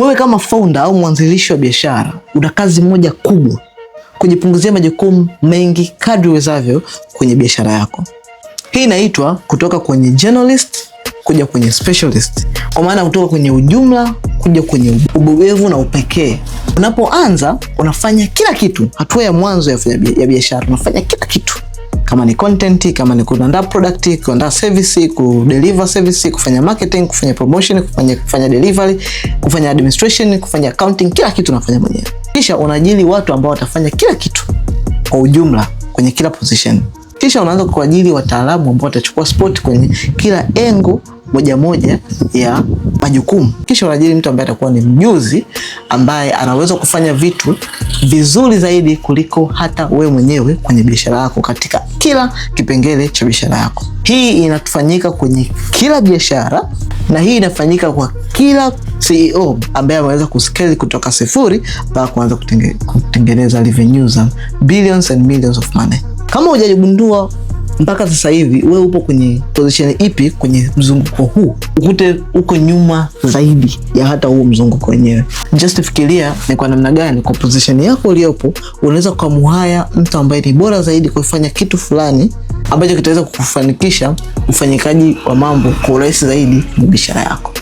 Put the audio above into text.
Wewe kama founder au mwanzilishi wa biashara una kazi moja kubwa, kujipunguzia majukumu mengi kadri uwezavyo kwenye biashara yako. Hii inaitwa kutoka kwenye generalist kuja kwenye specialist, kwa maana kutoka kwenye ujumla kuja kwenye ubobevu na upekee. Unapoanza unafanya kila kitu, hatua ya mwanzo ya biashara unafanya kila kitu kama ni content, kama ni kuandaa product, kuandaa service, ku deliver service, kufanya marketing, kufanya promotion, kufanya kufanya delivery, kufanya administration, kufanya accounting, kila kitu unafanya mwenyewe. Kisha unaajiri watu ambao watafanya kila kitu kwa ujumla kwenye kila position. Kisha unaanza kuajiri wataalamu ambao watachukua spot kwenye kila engo moja moja ya majukumu, kisha unaajiri mtu ambaye atakuwa ni mjuzi, ambaye anaweza kufanya vitu vizuri zaidi kuliko hata we mwenyewe kwenye biashara yako, katika kila kipengele cha biashara yako. Hii inatufanyika kwenye kila biashara na hii inafanyika kwa kila CEO ambaye ameweza kuskeli kutoka sifuri mpaka kuanza kutengeneza revenue za billions and millions of money. Kama hujajigundua mpaka sasa hivi wewe upo kwenye position ipi kwenye mzunguko huu, ukute uko nyuma zaidi ya hata huu mzunguko wenyewe. Just fikiria ni kwa namna gani kwa position yako uliopo unaweza ukamuhaya mtu ambaye ni bora zaidi kufanya kitu fulani ambacho kitaweza kukufanikisha mfanyikaji wa mambo kwa urahisi zaidi kwenye biashara yako.